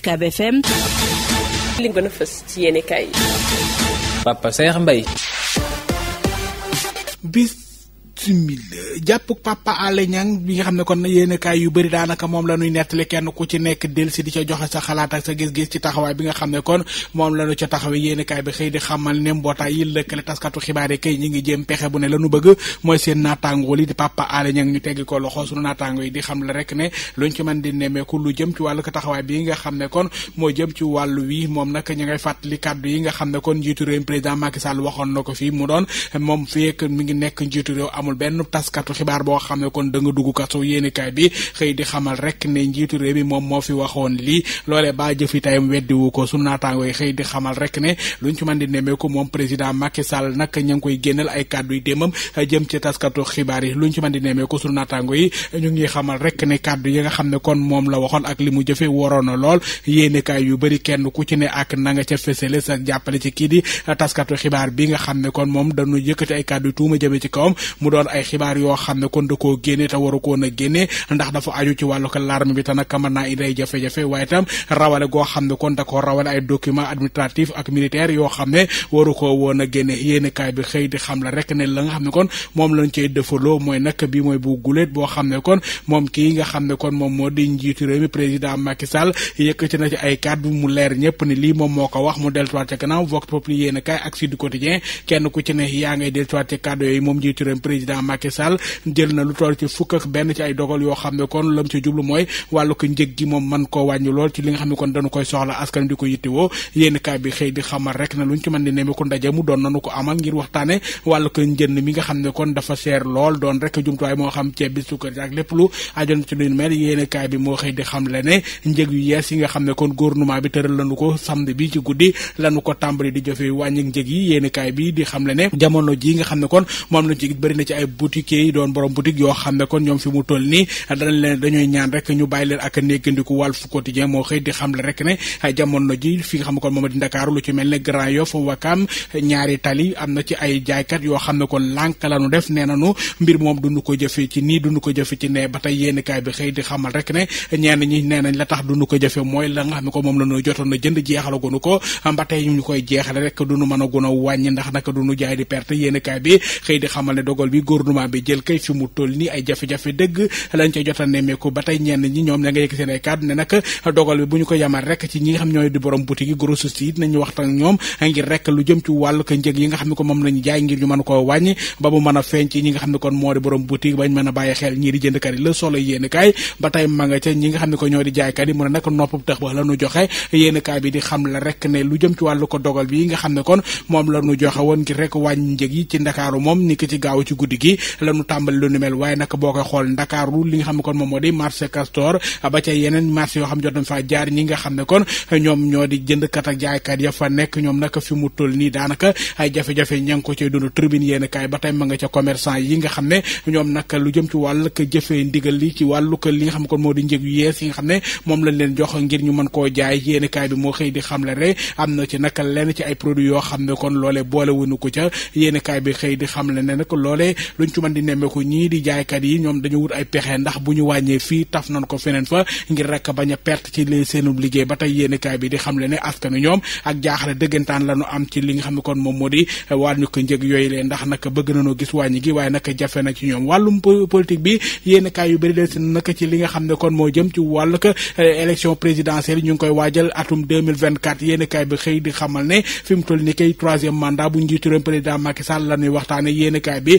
UCAB FM. li gën a fës ci yi. Papa Saer Mbaye. bis. simil jàpp Papa Alé bi nga xam ne kon na yéenekaay yu bëri daanaka moom la ñuy nettali kenn ku ci nekk del si di ca joxe sa xalaata sa gis-gis ci taxawaay bi nga xam ne kon moom la ñu ca taxawe yéenekaay xëy di ne mbootaay yi lëkkale taskatu xibaar yi kay ñi ngi bu ne la ñu bëgg mooy seen naataangoo li di Papa Alé Niang ñu teggi ko loxo sunu naataangoo xam la rek ne luñ ci mën di nemmeeku wàllu ko taxawaay nga xam ne kon moo jëm ci wàll wi moom nag ña ngay fàttali kàddu yi nga xam ne kon njiitu réew président Macky Sall waxoon na ko fii mu doon moom fekk mi ngi nekk njiitu réew amul amul benn taskatu xibaar boo xam ne kon danga nga dugg kaso yéenekaay bi xëy di xamal rek ne njiitu réew mi moom moo fi waxoon lii loole baa jëfi tayam weddiwu ko su naataango yi xëy di xamal rek ne luñ ci mën di nemmeeku moom président Macky Sall nag ña ngi koy génnal ay kàddu yu jëm ci taskatu xibaar yi luñ ci mën di nemmeeku sunu naataango yi ñu ngi xamal rek ne kàddu yi nga xam ne kon moom la waxoon ak li mu jëfe waroon na lool yéenekaay yu bari kenn ku ci ne ak nanga nga ca fësale sa jàppale ci kii di taskatu xibaar bi nga xam ne kon moom dañu yëkkati ay kàddu tuuma jëme ci kawam mu doon doon ay xibaar yoo xam ne kon da koo génne te waru koon a génne ndax dafa aju ci wàllu ko larme bi te nag mën naa indi ay jafe-jafe waaye tam rawale goo xam ne kon da ko rawale ay document administratif ak militaire yoo xam ne waru ko woon a génne yéeni bi xëy di xam la rek ne la nga xam ne kon moom lañ cey defaloo mooy nag bi mooy bu guléet boo xam ne kon moom kii nga xam ne kon moom moo di njiitu réew mi président Macky Sall yëkkati na ci ay mu leer ñëpp ni lii moom moo ko mu deltuwaat ca gannaaw Vox Populi yéen kaay ak Sud Quotidien kenn ku président Macky Sall jël na lu toll ci fukk ak benn ci ay dogal yoo xam ne kon lam ci jublu mooy wàllu ko njëg li nga xam ne kon dañu koy soxla askan di ko yittewoo yéen kaay bi xëy na luñ ci mën di neme doon nanu ko amal ngir waxtaane wàllu ko njënd mi nga xam ne kon dafa seer lool doon rek jumtuwaay moo xam ceeb bi sukkar ak lépp lu ajoon ci luñ mel yéen di xam le ne njëg yi nga xam ne kon gouvernement bi tëral lanu ko samedi bi ci guddi lanu ko tàmbali di jëfe wàññi njëg yi yéen kaay bi di xam le ne jamono ji nga xam ne kon moom lañ ci bëri na ci ay boutiquiers ne kon ñoom fi mu toll nii danañ leen dañuy ñaan rek ñu am na ci ay jaaykat yoo xam ne kon lànk la nu def nee nañu mbir moom duñu ko jëfe ci nii duñu ko jëfe ci nee ba tey yéen kaay bi xëy di xamal rek ne ñenn ñi nee nañ la tax duñu ko jëfe mooy la nga xam ne ko moom la ñu jotoon na jënd jeexalagunu ko ba tey ñu koy jeexale rek duñu mën a gën a wàññi ndax naka duñu jaay di perte yéen kaay bi xëy di xamal ne dogal bi gouvernement bi jël kay fi mu toll nii ay jafe-jafe dëgg lañ ca jota nemmeeku ba tey ñenn ñi ñoom la nga yëkk seen ay kàddu ne nag dogal bi bu ñu ko yamal rek ci ñi nga xam ne a kon moo di borom boutique bañ a bàyyi nopp tëx ba la joxe yéen kaay bi di xam la rek ne lu jëm ci wàllu ko dogal bi nga xam ne kon moom la joxe woon ngir rek wàññi njëg yi ci ndakaaru moom ni ko ci gaaw ci guddi gi la nu tàmbali lu nu mel waaye nag boo koy xool ndakaaru li nga xam ne kon moom moo di marché castor ba ca yeneen marché yoo xam jot nga xam ne kon ñoom ñoo di jëndkat ak jaaykat ya fa ñoom nag fi mu toll nii daanaka jafe-jafe ña ngi ko cay dund tribune yéen kaay ba tey ma nga ca commerçant nga xam ne ñoom nag lu jëm ci wàllu ko jëfee ndigal li ci wàllu ko li nga xam ne kon moo di njëg yees yi nga xam ne moom lañ leen jox ngir ñu mën koo jaay yéen kaay bi moo xëy di xam le re am na ci nag lenn ci ay produits yoo xam ne kon loolee boole wuñu ko ca yéen kaay bi xëy di xam le ne nag loolee luñ ci mën di nemmeeku ñii di jaaykat yi ñoom dañu wut ay pexe ndax bu ñu wàññee fii taf nanu ko feneen fa ngir rek bañ a perte ci li seenu liggéey ba tey yéenekaay bi di xamle ne askan wi ñoom ak jaaxle dëggantaan la ñu am ci li nga xam ne kon moom moo di eh, wàññi ko njëg yooyu leen ndax nag bëgg nañoo gis wàññi gi waaye nag jafe na ci ñoom wàllum politique bi yéenekaay yu bëri del si ci li nga xam ne kon moo jëm ci wàll ka eh, élection présidentielle ñu ngi koy waajal atum 2024 yéenekaay bi xëy di xamal ne fi mu toll ni kay troisième mandat bu njiitu réew président Macky Sall la ñuy waxtaane yéenekaay bi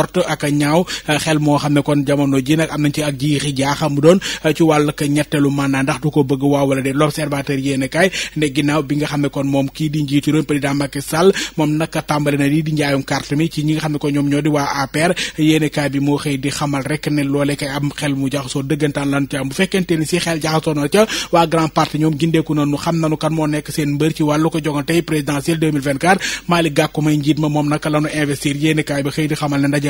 njort a ñaaw eh, xel moo xam kon jamono ji nag am nañ ci ak jiixi jaaxa mu doon eh, ci wàll ka ñetteelu mandat ndax du ko bëgg waaw wala de l'observateur kay am xel mu jaxasoo dëggantaan lan ci bu fekkente ni xel jaxasoo ca waa grand parti ñoom gindeeku nañu xam nañu kan moo nekk seen mbër ci wàllu ko jogante présidentielle 2024 Malick Gakou may njiit ma moom naka lanu investir yéen bi xëy di xamal ne ndaje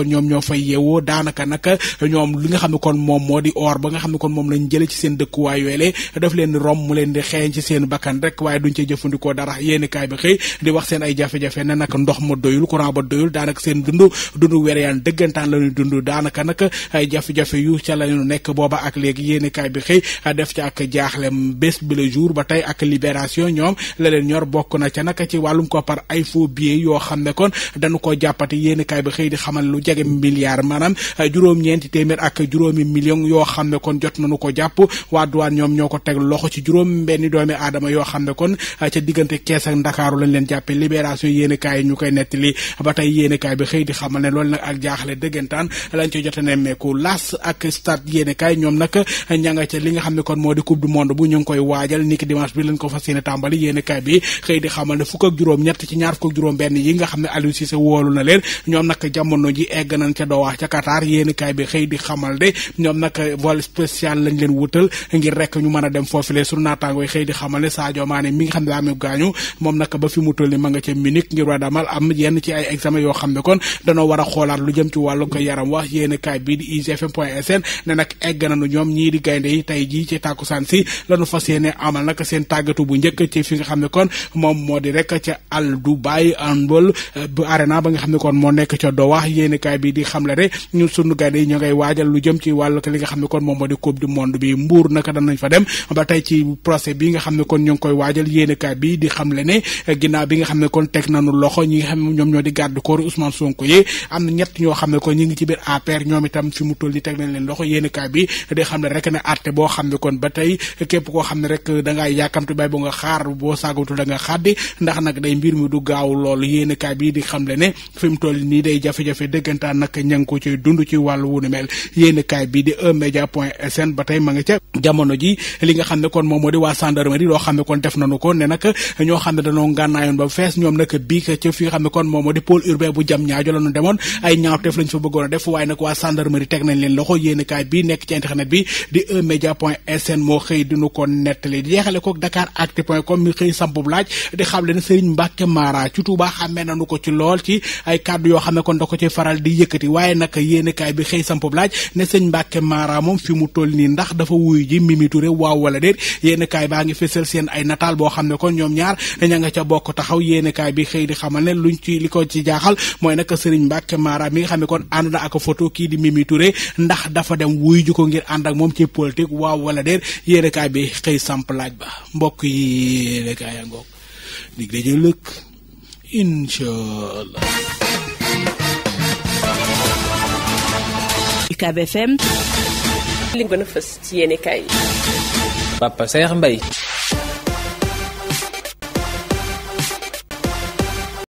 kon ñoom ñoo fay yeewoo daanaka nag ñoom li nga xam ne kon moom moo di or ba nga xam ne kon moom lañ jële ci seen dëkkuwaay yooyu daf leen rom mu leen di xeeñ ci seen bakkan rek waaye duñ cee jëfandikoo dara yéeni kaay ba xëy di wax seen ay jafe-jafe ne nag ndox ma doyul courant ba doyul la ñuy dund daanaka nag jafe-jafe yu ca la ñu nekk booba ak léegi yéeni kaay bi xëy def ci ak jaaxle bés bi le jour ba tey ak libération ñoom la leen ñor bokk na ca nag ci wàllum koppar ay faux billets yoo xam kon dañu ko jàppati yéeni kaay bi xëy di xamal lu jege milliard maanaam eh, juróom-ñeenti téeméer ak juróomi million yoo xam ne kon jot nañu ko jàpp waa douane ñoom ñoo ko teg loxo ci juróom benn doomi aadama yoo xam ne kon eh, ca diggante Kees ak Ndakaaru lañ leen jàppe libération yéen i kaay yi ñu koy nettali ba tey yéen i kaay bi xëy di xamal ne loolu nag ak jaaxle dëggantaan lañ ci jote nemmeeku las ak stade yéen i kaay ñoom nag eh, ña nga li nga xam ne kon moo di coupe du monde bu koy waajal niki dimanche bi lañ ko fas yéene tàmbali yéen i kaay bi xëy di xamal ne fukk ak juróom benn yi nga xam ne Aliou Cissé woolu na leen ñoom nag jamono ji egg nañ ca Doha ca Qatar yéenikaay bi xëy di xamal de ñoom nag vol spécial lañ leen wutal ngir rek ñu a dem foofule sunu naataangoo yi xëy di wa damal am yenn ci ay examen yoo xam ne a xoolaat lu jëm ci wàllu ko yaram ñii di gaynde yi tey jii ci tàkkusaan si lañu fas yéene amal nag seen tàggatu bu njëkk ci fi nga xam ne kon moom moo di rek ca Al Dubai handball bu arena ba nga xam ne kon moo nekk ca Doha yéenikaay yéenekaay bi di xam la ne ñun sunu gaynde yi ñoo ngay waajal lu jëm ci wàllu li nga xam ba tey ci procès bi nga xam leen rek ne àtte boo xam ne kon ba tey képp koo xam ne rek da ngaa yàkkamtu bay bu nga xaar boo saagatu da nga xaddi ndax nag day mbir mi du gaaw loolu yéenekaay bi di xam le ne toll nii day jafe-jafe dëgg dëggantaan nag ña ngi ko ciy dund ci wàllu wu mel yéen kaay bi di eMédia point sn ba tey ma nga ca jamono ji li nga xam ne kon moo a xëy di ko nettali jeexale ko Dakaractu point com mi xëy sampub laaj di xam leen Serigne Mbacke Mara ci Touba xamee nañu ko ci lool ci ay kàddu yoo xam ne kon da ci faral di yëkkati waaye nag yéenekaay bi xëy samp laaj ne sëñ Mbàkke Mara moom fi mu toll nii ndax dafa ji Mimi Touré waaw wala déet baa ngi fésal seen ay nataal boo xam ne kon ñoom ñaar nga ca bokk taxaw yéenekaay bi xëy di xamal ne luñ ci li ko ci jaaxal mooy nag sëriñ Mbàkke Mara mi nga xam ne kon ànd na ak kii di Mimi Touré ndax dafa dem wuyu ko ànd ak moom ci politique waaw wala déet yéenekaay bi xëy samp laaj ba mbokk yi yéenekaay yaa ngoog dig daje lëkk UCAB FM li gën a fës ci yéene kaay Papa Saer Mbaye